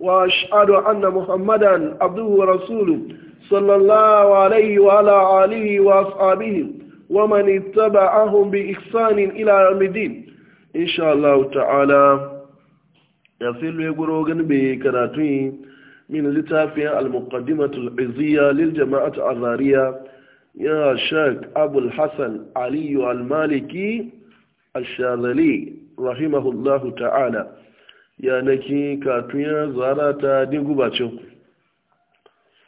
وأشهد أن محمدا عبده ورسوله صلى الله عليه وعلى آله وأصحابه ومن اتبعهم بإحسان إلى يوم الدين إن شاء الله تعالى يصل يقولون بكراتين من لتافي المقدمة العزية للجماعة الأزارية يا شيخ أبو الحسن علي المالكي الشاذلي رحمه الله تعالى yanaki katuya zara ta digubacin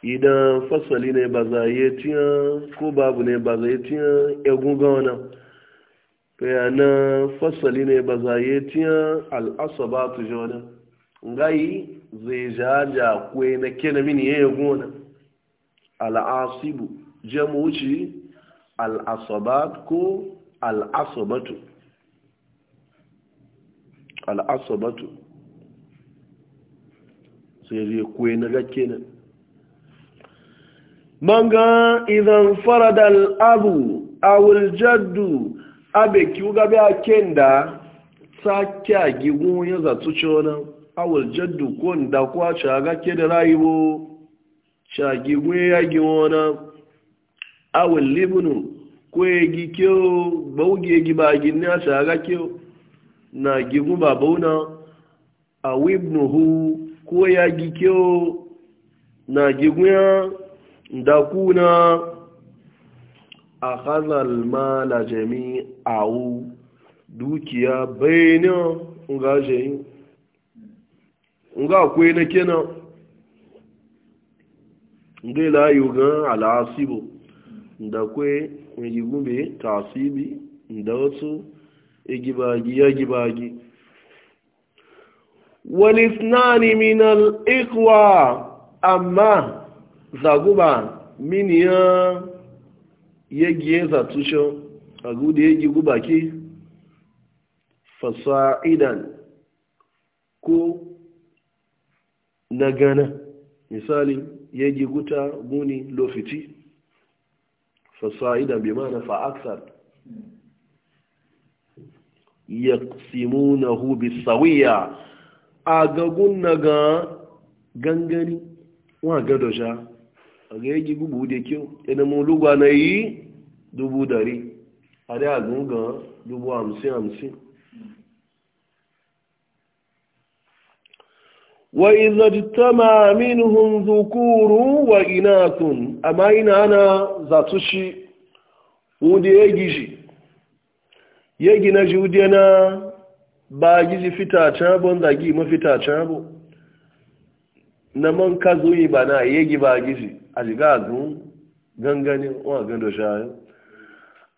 idan fasali ne ba za yi tiyan ko babu ne ba za yi tiyan egunga wannan bayanan fasali ne ba za yi tiyan al'asaba tu ji wannan ngayi zai jaja kwe na kena mini ya egun wannan al'asibu jamu al'asabat ko al'asabatu al'asabatu sai zai na gaske nan manga idan fara dal a wuljaddu abe ki gabe a kenda ta a gigun ya zatu ce a wuljaddu ko da kuwa shaga ke da rayuwa shagi ya gi wani a wulibinu ko ya gi kyau bauge gi ba gini a shaga kyau na gigun ba bauna a wibnuhu ko ya gi kyau na gigunya da kuna a hazal mala jami awu dukiya bayanin nga jayin nga akwai na kenan nga layu gan al'asibu da kwe mai gigube tasibi da wasu igibagi e ya gibagi walisnani min al'ikwa amma zaguba miniya yagiye zatushin a gudu yagi gubaki fasa'idan ko na gana misali yagi guta guni lofiti fasa'idan bi mana fa'aksar yaqsimunahu bisawiya a gagun na ga gangani wa gado sha a ga yi gubu da kyau yana mulugwa na yi dubu dari a da ga dubu hamsin hamsin wa iza jitama minhum zukuru wa inathun amma ina ana zatu shi wude ya gishi ya gina shi wude na ba gizi fita cabo zagi mafita cabo na man ka zuyi ba na yegi ba gizi a jiga gun gangane wa gando shayo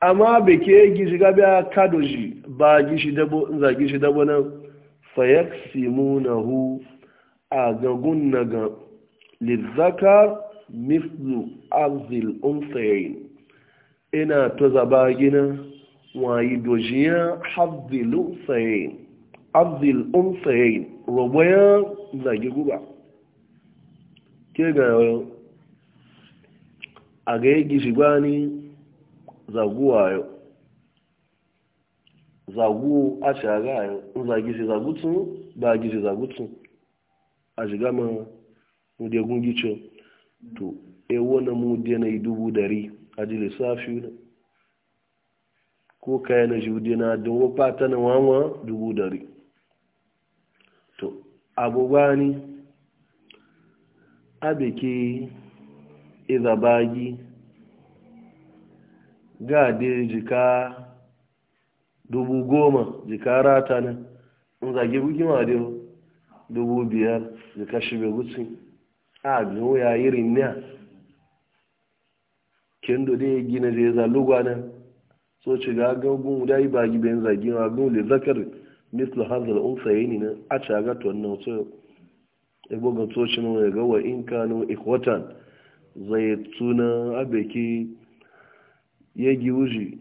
amma bai ke gizi ga biya kadoji ba gizi dabo zagi shi dabo nan simu na hu. a gagun na ga lizzakar mislu arzil unsayin ina e ta zaba gina wayi dojiya hafzilu sayin abdul umsayin roboyan zage guba ke ga a ga yi shigani zaguwa yau zagu a shaga yau in zage shi zagutun ba gishi zagutun a shiga ma mudegun gicho to ewo na mude na dubu dari a jile safi ne ko kayan na shi na don wapata na wawa dubu dari abugbani abike izabagi gade jika dubu goma jika rata nan in zage gugima da dubu biyar jika shibe gutsi a biyu ya yi rinniya kendo da ya gina da ya zalugwa nan so ci ga gagun guda yi bagi bayan zagewa gun da zakar mislu hazal unsayini na a caga to wannan wasu ya buga tsocin ya ga wa in kanu ikwatan zai tuna abeki ya giwuji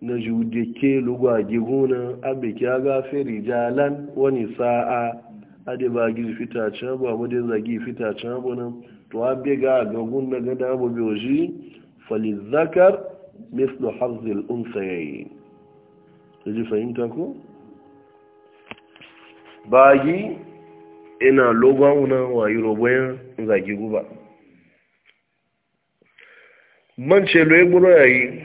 na jude ke lugwa giguna abeki ya feri jalan wani sa'a ade ba gizi can abu abu da zagi can abu nan to abe ga gagun na gada abu biyoji falizakar mislu hazal unsayayi ta ji fahimta ko bagi ina logon wuna wayi roboyin zagi guba man ce lo egburo yayi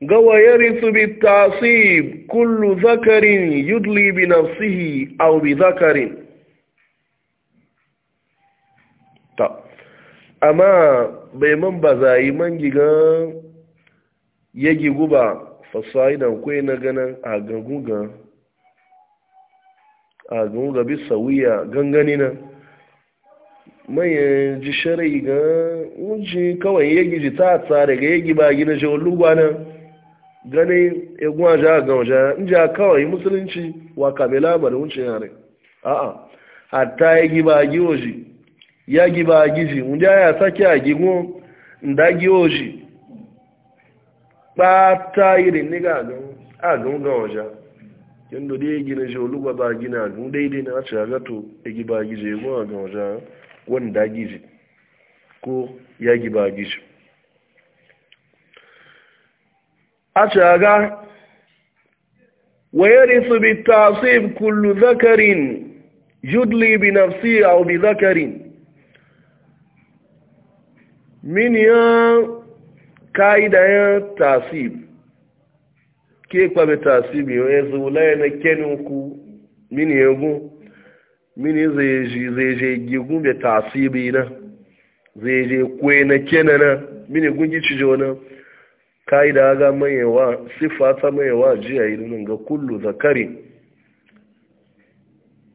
gawa bi tasi kullu Zakarin yudli bi nafsihi aw bi Zakarin. ta amma bai man bazayi man giga yagi guba fasaidan ko na ganan a gangugan a gunga bi sauya gangani na ji sharai ga wunci kawai yagi ji ta tsare ga yagi ba gina ji wani gwana gane egwa ja ga waje in ja kawai musulunci wa kamila ba da wunci yare a'a hatta yagi ba gi oji yagi ba gi ji wunja ya sake a gigo nda gi oji ba ta irin ni ga a gunga waje yadda dai ya gina shi oluwa ba gina gun daidai na ce gato ya gi ba gina gwa ga wajen wanda gije ko ya gi ba gije a ce ga wayar su bi tasib kullu zakarin yudli bi nafsi a bi zakarin min ya ya tasib ke kwabe tasiri onye zula ya na kenin ku mini egun mini zai je gigun da tasiri na zai je kwe na kena na mini gungi cijo na kai da aga mayewa sifa ta mayewa jiya yi nan ga kullu zakari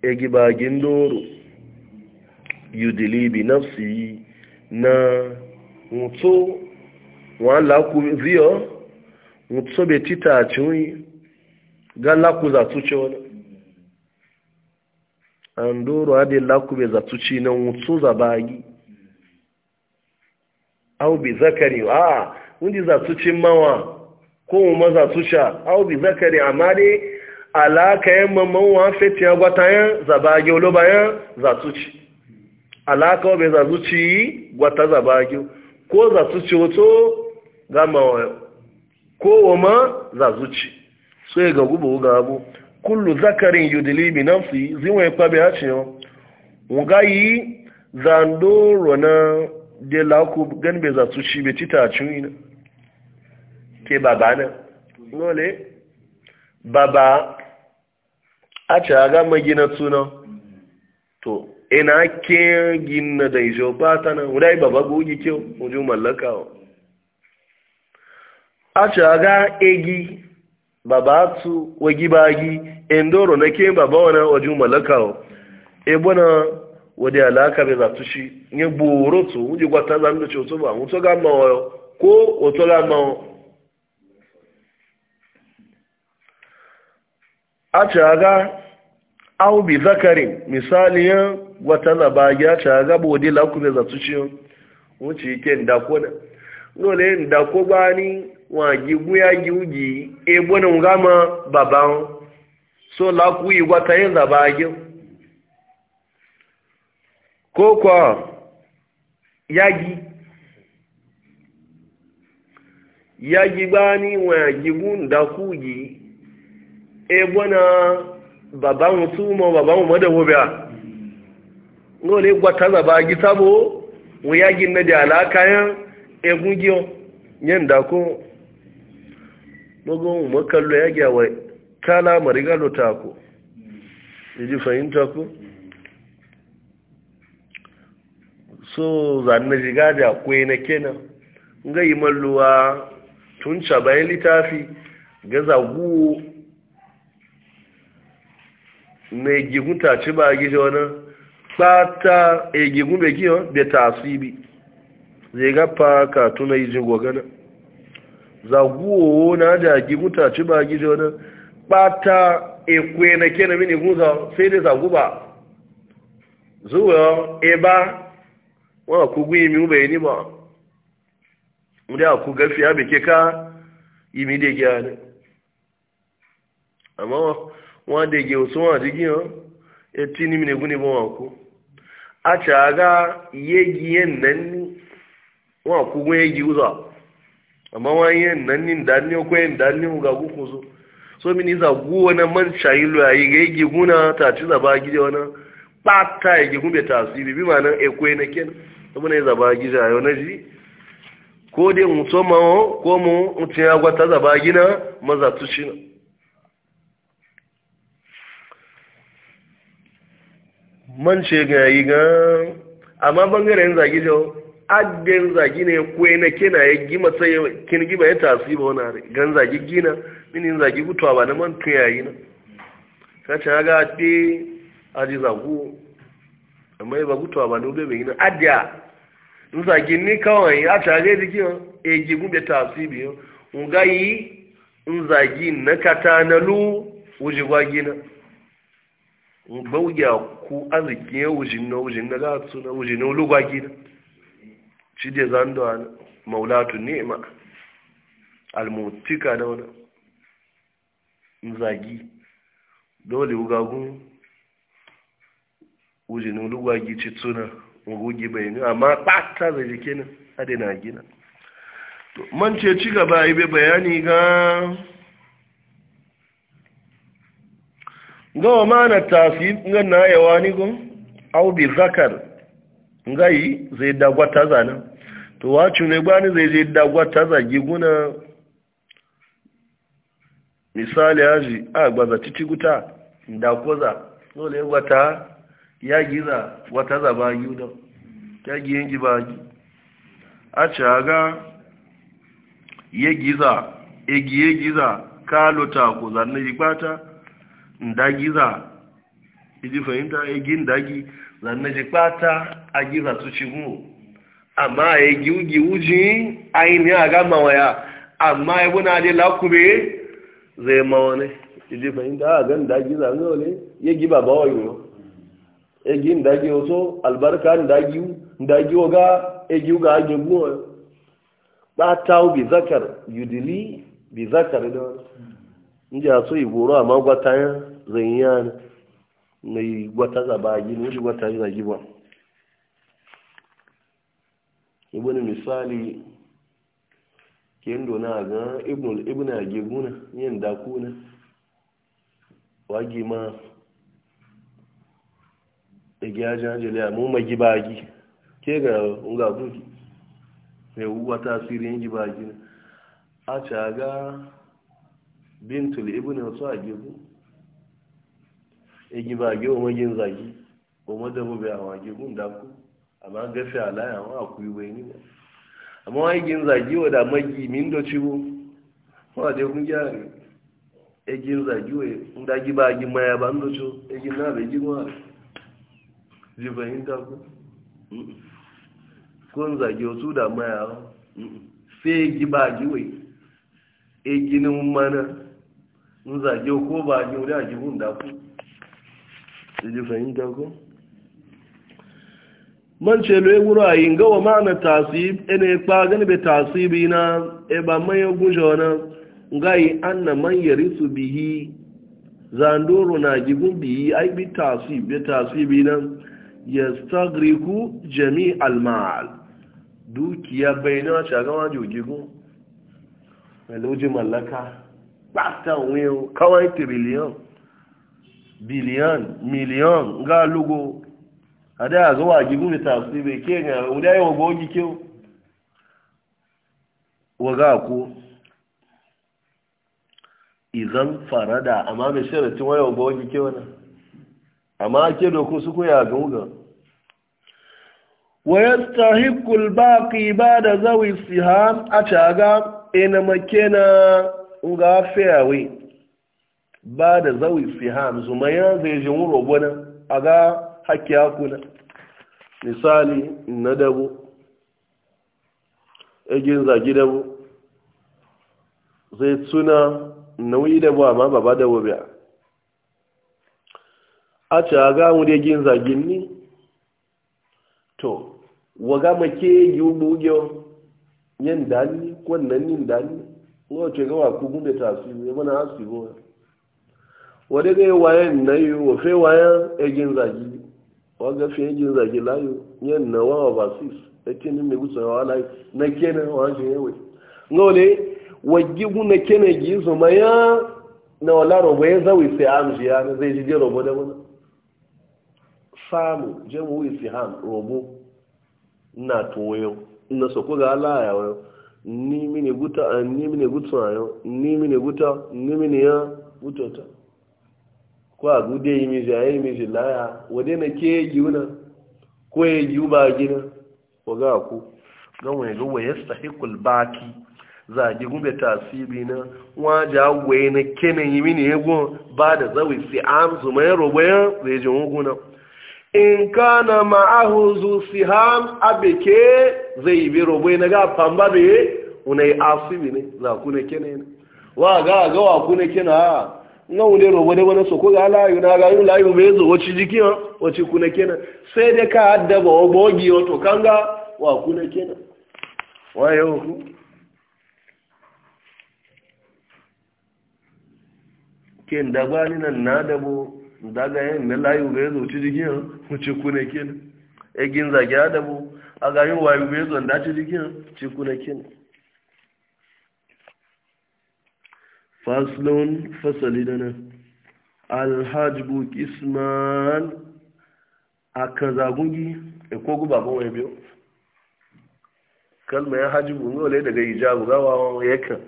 egibagin doro yudilibi nafsi na mutu wa laku ziyo so bai tita cin ga laku tu ce wani an doro hadi laku za tu ci nan za zabagi au bi zakari a wundi tu ci mawa ko mu ma tu sha au bi zakari amma dai alaka yan mamman wa fetiya gwata yan za zabagi oloba yan tu ci alaka za tu ci gwata za zabagi ko tu ci wato gama wa kowa ma za zuci so ya ga gubu ga abu kullu zakarin yudili bi nafsi zinwa pa bi hace yo ngayi zando rona de la ku gan be za tuci be tita chuina ke baba na ngole baba a ga gina tuna to ina ke gina da ijo bata na udai baba gogi kyau mu mallaka achaga egi baba atu wagi agi endoro na ke baba wana waju malaka ebona wadi alaka be zatushi nye buru tu uji gwata za ndo choto ba muto ga ma oyo ko oto la ma achaga au bi zakarin misali ya gwata na bagi achaga bụ ụdị la ku be zatushi wuci ike ndakona nole ndako wọn àjí gbúyà jíújì egbó ni nga mọ bàbá wọn so lákú ìwà tayé zàbá ajé kókò yájí yájí gbá ní wọn àjí gúndàkú yìí egbó na bàbá wọn túmọ̀ bàbá wọn mọ́dẹ̀wọ́ bíà ní olè gbàtà zàbá ajé sábò wọn yájí nà dé àlàkà yẹn egun bugun makallo ya gyawa kala marigalo tako ya ji fahimta ku so zanen shiga da kwai na kenan ga yi malluwa tun bayan littafi ga zagu mai gigun taci ba a gije wani ɓata a gigun bai giyon da tasiri zai gafa ka tuna jin gwagana zaguwo na jagi mutaci ba gijo wani ɓata ekwe na ke na mini guza sai dai zagu ba zuwa eba wa ku gwi mi ube ni ba ndị a ku gafi ya ke ka imi de gya ne amma wa de gya wa wọn adịghị ya eti ni mini guni ba wọn ku a ga ihe giye wa wọn ku gwi ya amma wanye nan nin danni ko yin danni ga guku so so ni za gu wani man shayilo yayi yi, yigi guna ta ci zaba gide wani pata yigi ta su bi nan ekwe na ken saboda ya zaba gide ayo na ji ko dai mutum ma ko mu mutum ya gwata zaba gina maza tushi na man ce ga yi ga amma bangaren zagi jau aggan zagi ne kuwa na kina ya gima sai kin gima ya tasi ba wani gan zagi gina mini zagi gutuwa ba na mantu yayi na kace ga te aji zagu amma ya ba gutuwa ba nube bai na adiya in zagi ni kawai a tare da gina, e gigu be tasi biyo nga yi in zagi na kata na lu wuji gwa gina gbauya ku arziki ya wuji na wujin na gatsu na wujin na lu gwa gina shi dai zan da maulatu ni'ima almutika da wani zagi dole wugagun wujinin lugwagi wugugi bai ni amma ɓata zai jike nan na gina man ce ci gaba bai bayani ga gawa na tafi ganna yawa ni gun au bi zakar ngayi zai dagwata zanen to wacin ne bani zai je ta guna misali haji a gbaza titi guta da koza dole wata ya giza wata bagi yuda ta giyin gibagi a caga ye giza e ye giza kalo ta ko zanne jikpata nda giza idi fahimta egin dagi a giza su amma ya giwugi wuji ainihin a gama waya amma ya buna dai lakube zai ma wani iji fahimta a gan dagi zanga wale ya gi ba ba wayo ya gi dagi wato albarka dagi dagi waga ya gi ga agin guwa ba ta wu bi zakar yudili bi zakar da wani inji a so igoro amma gwata zai yi yana mai gwata zaba gini wani gwata zagi ba wani misali kendo na ga ibn ibn ageguna yin dakuna wagi ma da gyajan jeliya mu magi bagi ke ga nga buki mai uwa tasirin gi bagi na a caga bintul ibn wasu agegu e bagi o magin zagi o madabu be a wagi gun daku amma gafi alaya wa akwai bai ni ba amma zagi wa da magi min da ciwo wa dai kun egin eh, zagi wa inda gi ba gi maya ba ndo ciwo gin eh, na bai gi wa ji fahimta ku kun zagi wasu da maya ba sai gi ba gi wa eh, mana in zagi ko ba gi wa da gi ku ji fahimta ku man ce lo wura yin gawa ma'ana tasib ene kpa gani be tasibi na e ba man ya gujo na ngai anna man risu bihi zandoro na gigun bihi ai bi tasib be tasibi na yastagriku jami almal dukiya bayna cha ga wa jogigun meloji mallaka basta wiyo kawai trillion biliyan miliyan ga lugo ada a zuwa gigu da bai ke ga wuda yawa gogi kyau waga ko izan farada amma mai sharatin waya gogi kyau na amma ake da su suku ga wuga wa yastahiqu al-baqi ba'da zawi siham a caga ina makena ga fairway ba da zawi siham zumaya zai jin wuro A aga haƙƙi hakuna misali na dabo egin zagi dabo zai suna nauyi dabo amma ba ba dabo biya a ce a gamu da egin zagin ni to waga make yi bugiyo yin dani kwanan yin dani wace gawa ku gunde tasiri mana asibo wadda ga yi wayan na yi wafe wayan egin zagi waga fiye jin zage layu yan na wawa ba sis ake ni mai gusa wa layu na kene wa shi yawe ngole wagi na kene gi zo maya na wala robo ya zawi sai am ji ya na zai ji je robo da wani samu je mu wi si ham robo na toyo na so ko ga laya wa ni mini guta ni mini guta yo ni mini guta ni mini ya gutota ko a gude yi miji a yi miji laya wadda na ke yi wuna ko ya yi ba gina ko ga ku don wani ga waye sahikul baki za a gube tasiri na waje agwaye na kenan yi mini ego ba da zawi si an zuma ya robayan zai ji hukuna in ka na ma'ahu zu si ham abeke zai bi robayi na ga famba bai wani asibi ne za ku na kenan wa ga ga wa ku na kenan na wule robo da wani soko ga layu na ga yin layu bai zo wace jiki wace kuna sai ka addaba wa bogi wato kanga wa kuna kenan waye ku ken da na dabo daga yin na layu bai zo wace jiki wace kuna kenan egin zage aga a ga yin wayu bai zo da ci faslon fasali da nan alhajbu kisman a kan zagungi e ko guba ban wani biyu kalma ya hajjibu ne wale daga ijabu gawa ya kan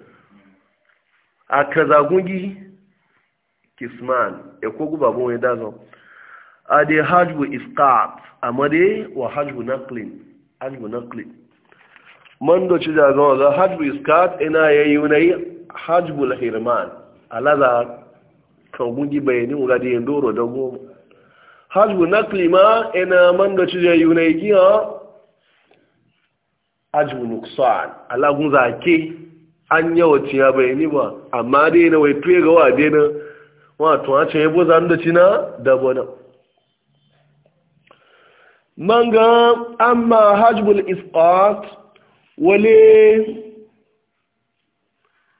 a kan zagungi kisman e ko guba ban wani dazan a dai hajjibu iskat amma dai wa hajjibu naklin hajjibu naklin man da ci daga wanda hajjibu ina yayi yunayi hajjbul hirman alaza kawungi bayanin wuga da yin da goma hajjbul nakli ma ina man da cije yunai giya hajjbul nuksan alagun zake an yawancin ya bayani ba amma dai na tuye ga wa dai na wato a ce yabo zan da cina da bana manga amma hajjbul isqat wale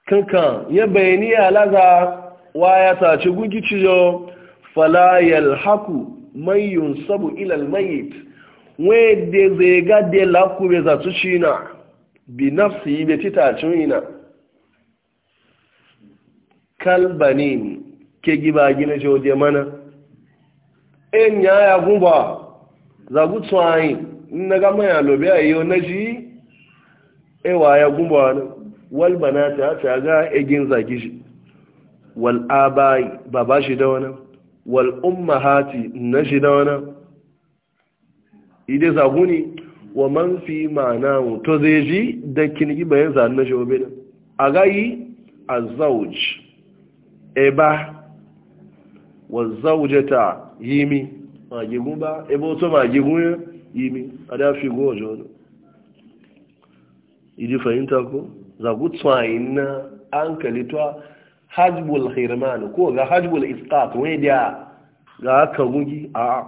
kankan ya bayani ya wa ya tace gugici yo fala yalhaku man yunsabu ila almayit we de ze ga de la ku be za tu china bi nafsi be kalbanin ke giba gina jode mana en ya ya gumba za gutsu ayin na ga maya lobe ayo naji ji ewa ya gumba wal banata ta ga egin zagi shi wal abai baba shi da wani wal ummahati na shi da wani ide zaguni wa man fi ma'ana to zai ji da kin gi bayan zan na shi obin agayi azawj eba wa zaujata yimi magigun ba ebo to magigun yimi ada fi gojo idi fahimta ko zagu tsayin na an kalitwa hajjbul hirman ko ga hajjbul isqat wani da ga aka gugi a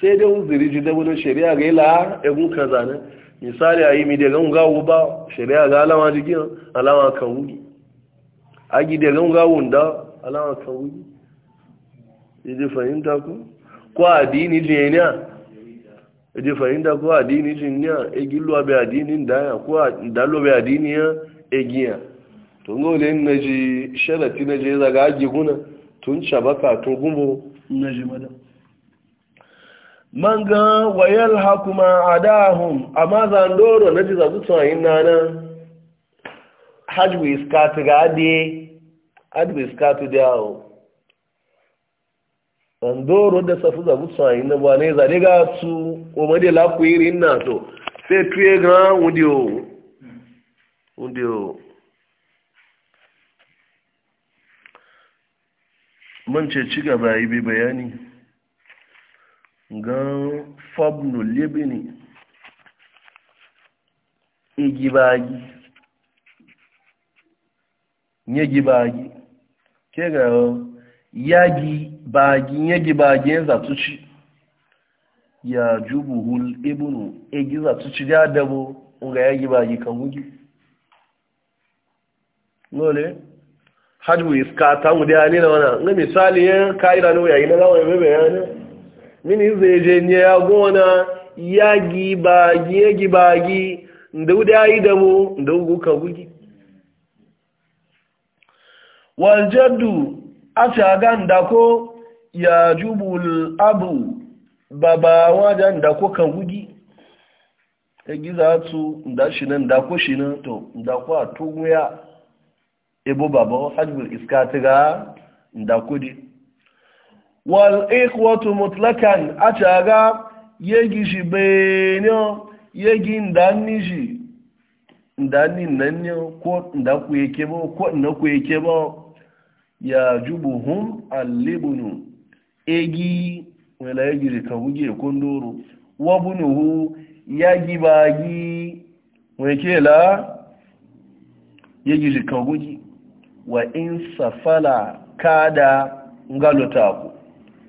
sai dai uzuri ji da wani shari'a ga ila egun kaza ne misali a yi mi daga ngawo ba shari'a ga alama jikin alama kan wugi a gi daga ngawon da alama kan wugi idi fahimta ku ko addini jiniya je fahimta ko addini jin ya egi lo be addini da ko adini ya egiya to ngole na ji sharati na je zaga aji kuna tun shabaka tun gumbo na ji mada manga wayal hakuma adahum amma zandoro na ji zazu tsayin nana hajwi iskatu ga hajji hajwi dawo tsandoro da safi zagu tsayi ina ba ne zane ga su kuma da lakwiri na to se tuye ga wudiyo wudiyo man ce ci gaba yi bayani ga fabnu libini igibagi nye gibagi ke ga yagi bagin gi bagin zatuci ya jubuhul ibnu egi zatuci ya dabo nga yagi bagi kan gugi lole hajbu iska ta mu da ni na wana nga misali ya kaira no yayi na lawa ya bebe ya ne mini zeje ne ya gona ya bagi yagi bagi ndu da yi dabo ndu ka gugi wal jaddu acha ganda ndako ya jubul abu baba wajen da kan wugi ta e giza su da shi nan ndako shi nan to da ko a tuguya ebo baba hajjul iska ta ga da kudi wal ikwatu mutlakan acha ga yegi shi benyo yegi ndanni shi ndanni nan ko ndaku yake ba ko yake ba ya jubuhum alibunu egi wela ya giri ka huge kondoro wabunuhu ya gibagi wekela ya giri ka huge wa in safala kada nga lotaku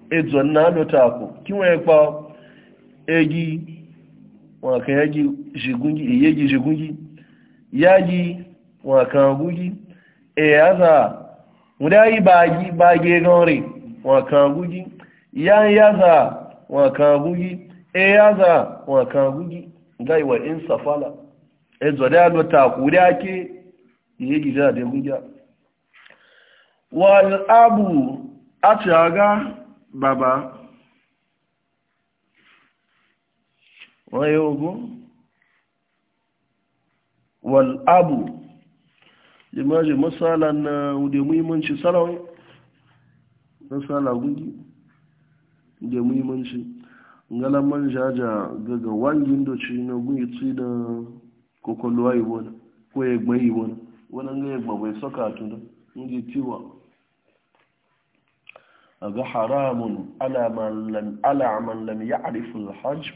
ezo na lotaku kinwe pa egi wakan yagi jigungi yagi jigungi yagi wakan gugi e aza wọ́n yí báyí báyé gan rè wọ́n kàn gúgí ya ń yáza wọ́n kàn gúgí e yáza wọ́n kàn gúgí gáìwà in safala e zọ̀dá lọ takúrí ake ihe gida da gúgá wọ́n abu a ti aga baba wọ́n yí ogun wọ́n abu jimaje masala na da muhimmanci salon masala gudi da muhimmanci man jaja gaga wangin da ci na gudi tsi da kokolowa yi na ko ya gba wani wani ga ya gba bai saka da ndi tiwa aga haramun ala man lam ya arifin hajj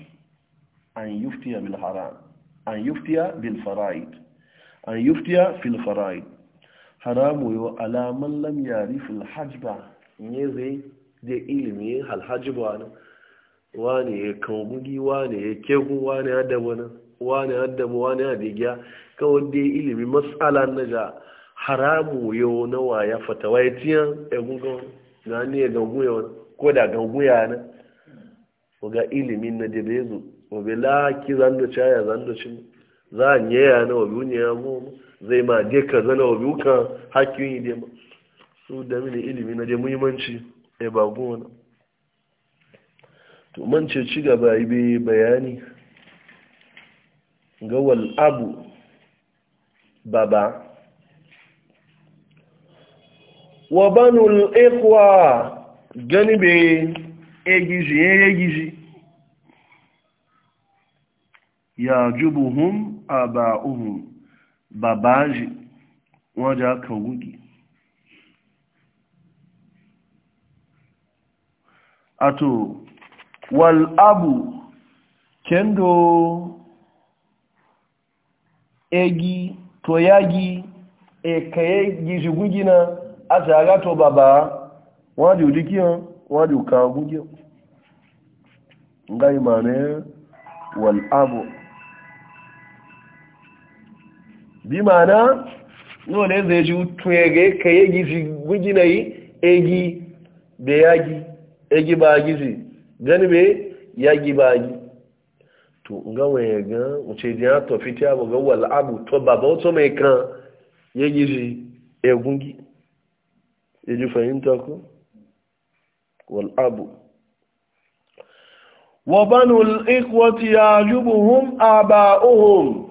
an yuftiya bil haram an yuftiya bil fara'id an yuftiya fil fara'i haramu yo alaman lam yarif al hajba ne zai je ilimi hal hajba ne wani ya kawugi wani ya kegu wani ya dabu na wani ya dabu wani ya digya kawai da ilimi matsala na ja haramu yo na waya fatawa ya tiyan ya na ne ya gangu ko da gangu ya na ga ilimin na da bezu wabe la ki zando chaya zando chin za a yi yaya na wabi wuni ya mu zai ma je ka zana wabi wuka hakkin yi dai su da mini ilimi na je muhimmanci ya e ba gona to man ce ci gaba yi bai bayani ga wal abu baba wa banul ikwa gani bai e egiji e ya egiji ya jubuhun aba'uhum babaji wọ́n já kan wúgi ato wal abu kendo egi toyagi ekaye gijigugi na ata aga to baba wọ́n di òdíkí hàn wọ́n di òkà gúgí ngáyìmọ̀ rẹ̀ wal abu bí ma'ana náà ne zai ji tun ka yi gizi e gugina yi egi da yagi egi ba gizi gani be yagi ba gi to nga ga ji ya ga abu to baba mai kan ya gizi egungi eji fahimta ku wal abu wa banul ikwati yajubuhum aba'uhum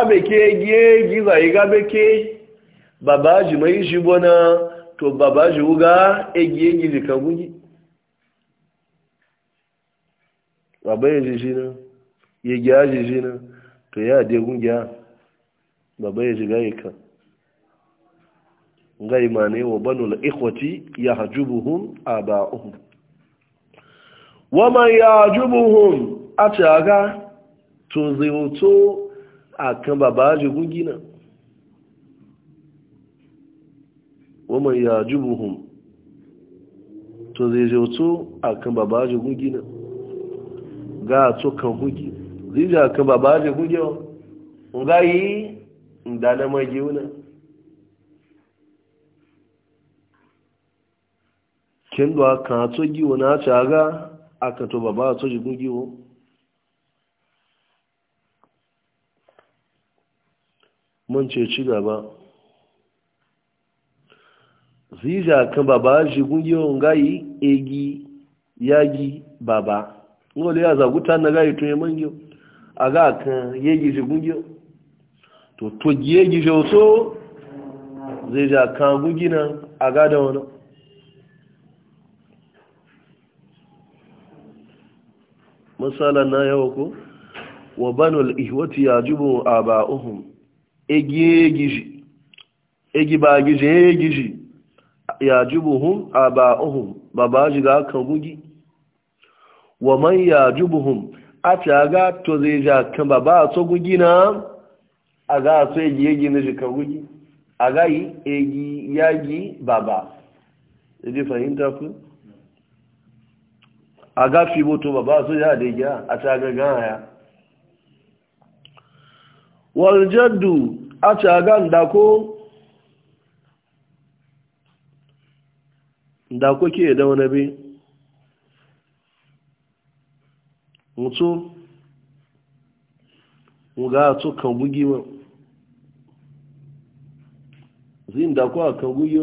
abeke gie giza iga beke babaji mai shi bona to babaji uga egie gizi kagugi babaye jijina ya gya jijina to ya de gungiya babaye jiga yaka ngai mane wa banul ikhwati yahjubuhum aba'uhum wa man yahjubuhum ataga to zai a kan babaji gugina waman ya jubuhun to zai zai wato a kan babaji na, ga to kan gugi zai je a kan babaji gugewa ga yi da na magiuna kendo a kan to giwo na ta ga aka to baba to ji gugiwo mun ce ci gaba zija kan baba shi kungiyon gayi egi yagi baba ngole ya zaguta na gayi to yamangiyo aga kan yegi shi kungiyo to to yegi shi so zija kan gugina aga da wani masala na yawa ko wa banul ihwati yajibu aba'uhum egi ba gije ya gije ya jubuhun a ba'uhun baba ji ga kan gugi wa man ya jubuhun a ti aga to zai ja kan baba a so gugi na a ga a so egi egi na ji kan gugi a ga yi egi yagi baba eji fahimta ku a ga fi boto baba to ja da ya a ta ga gaya waljaddu a aga ndako ndako ke da wani bi mutu nga to kan gugi ma zai ndako a kan gugi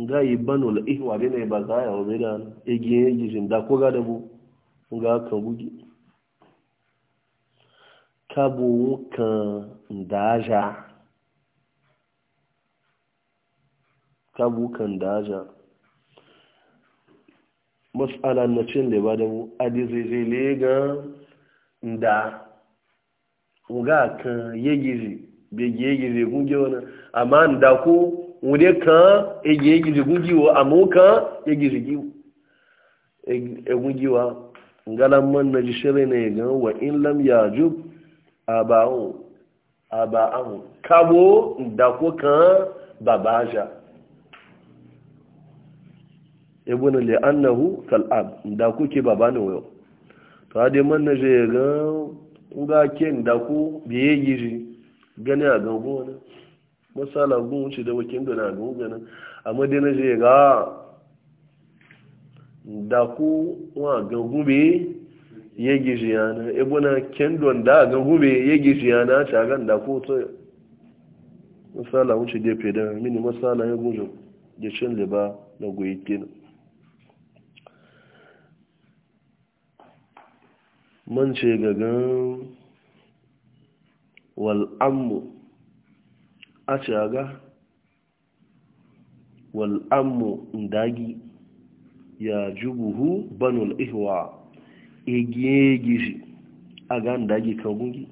nga yi banu la ihwa bi ne ba za a yawon da igiyen e ejijin ndako ga da bu ga kan gugi kabo kan daja kabo kan daja matsala na cin da ba da mu adizizile ga da ga kan yegizi bege yegizi gungi wani amma da ku. Wude kan egi yegizi gungi wa amma kan yegizi gungi wa ngalan man na ji shirai ne ga wa in lam yajub aba'un aba'an kabo aja ko kan babaja ibn li'annahu kal'ab ndako ke baba ne wayo to ade man na je ga ga ke ndako ku biye giri gani a ga gona masala gun wuce da wakin da na gun na amma dai na je ga ndako wa ga gube ya gishi yana ebuna kendon da ga hube ya gishi yana ta gan da ko to misala wuce da fe da mini misala ya gujo da cin na goyi kin man ce gagan wal ammu a ga wal ammu ndagi ya jubuhu banul ihwa Egi egizi aga ga ndagi kagungi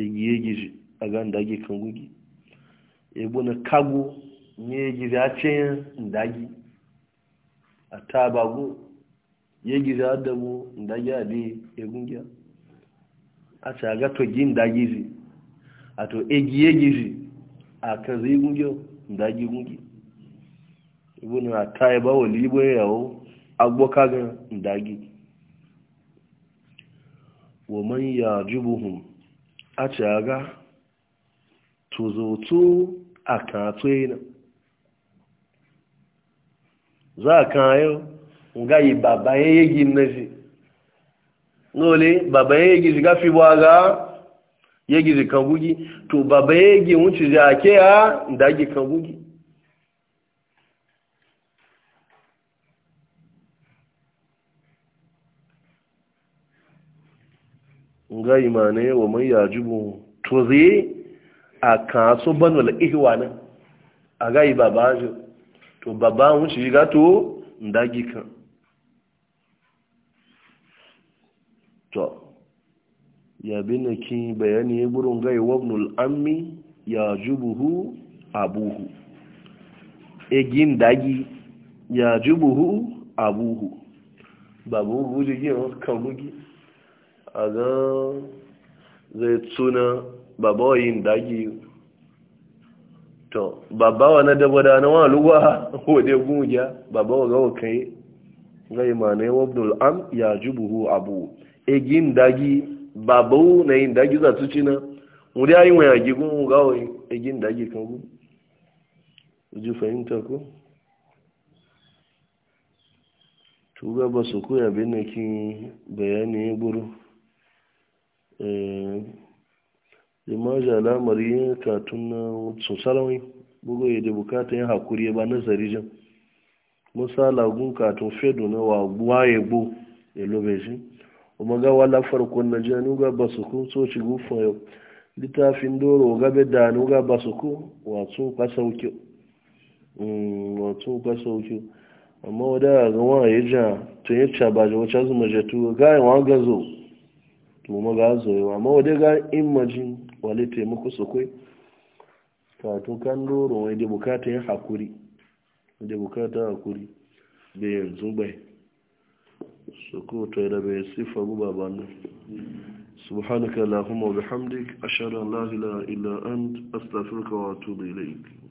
egiye gishi a ga ebo na kago nye gishi a cikin ndagi a tabago ye gishi a dabo ndagi a di egungiya a ci a ga togi ndagi a kan zai ndagi ibu ni wali ebe awo libo yawo agbokagin ndagi wa man yajibuhum a ce aga tuzoto a kanto za a kan yau nga yi baba yegi nazi nole baba gi ga fi bwaga yegi zikan gugi to baba yegi wuce jake a ndagi kan ma imane wa man yajibu to zai a kaso banul ihwana a ga baba ji to baba mun shi ga to ndagi kan to ya bina ki bayani burin ga ibnul ammi yajibuhu abuhu egin dagi yajibuhu abuhu babu buji kan bugi azan zai tsuna babawa yin dagi to babawa na dabada na wa luwa wade gungya babawa ga wakai gai ma na yawon am ya jubuhu abu egin dagi babu na yin dagi za su cina wuri ayi wa yagi e gungu gawa egin dagi kan gu ji fahimta ko tuga ba su koya benakin bayani ya buru limaja eh, lamari yin katun na sosarawai bugo ya da bukata haƙuri ya ba nazari jan musala gun katun fedo na waguwa ya gbo ya lobe shi kuma ga wala farkon na jani ga basu ku kun so ci gufa yau littafin doro bai da ni ga basu ku wato kwasauki hmm, wato kwasauki amma wadda ga wani ya ja tun yi cabaje wacce zuma jatu ga yi wa gazo to maga zoyewa ma wadda ga imajin wale taimako su kwai kato kan doron wai da bukata yin hakuri da bukata hakuri da yanzu bai su kota da bai sifa guba ba nan subhanaka lahumma bihamdik ashhadu an la ilaha illa ant wa atubu ilayk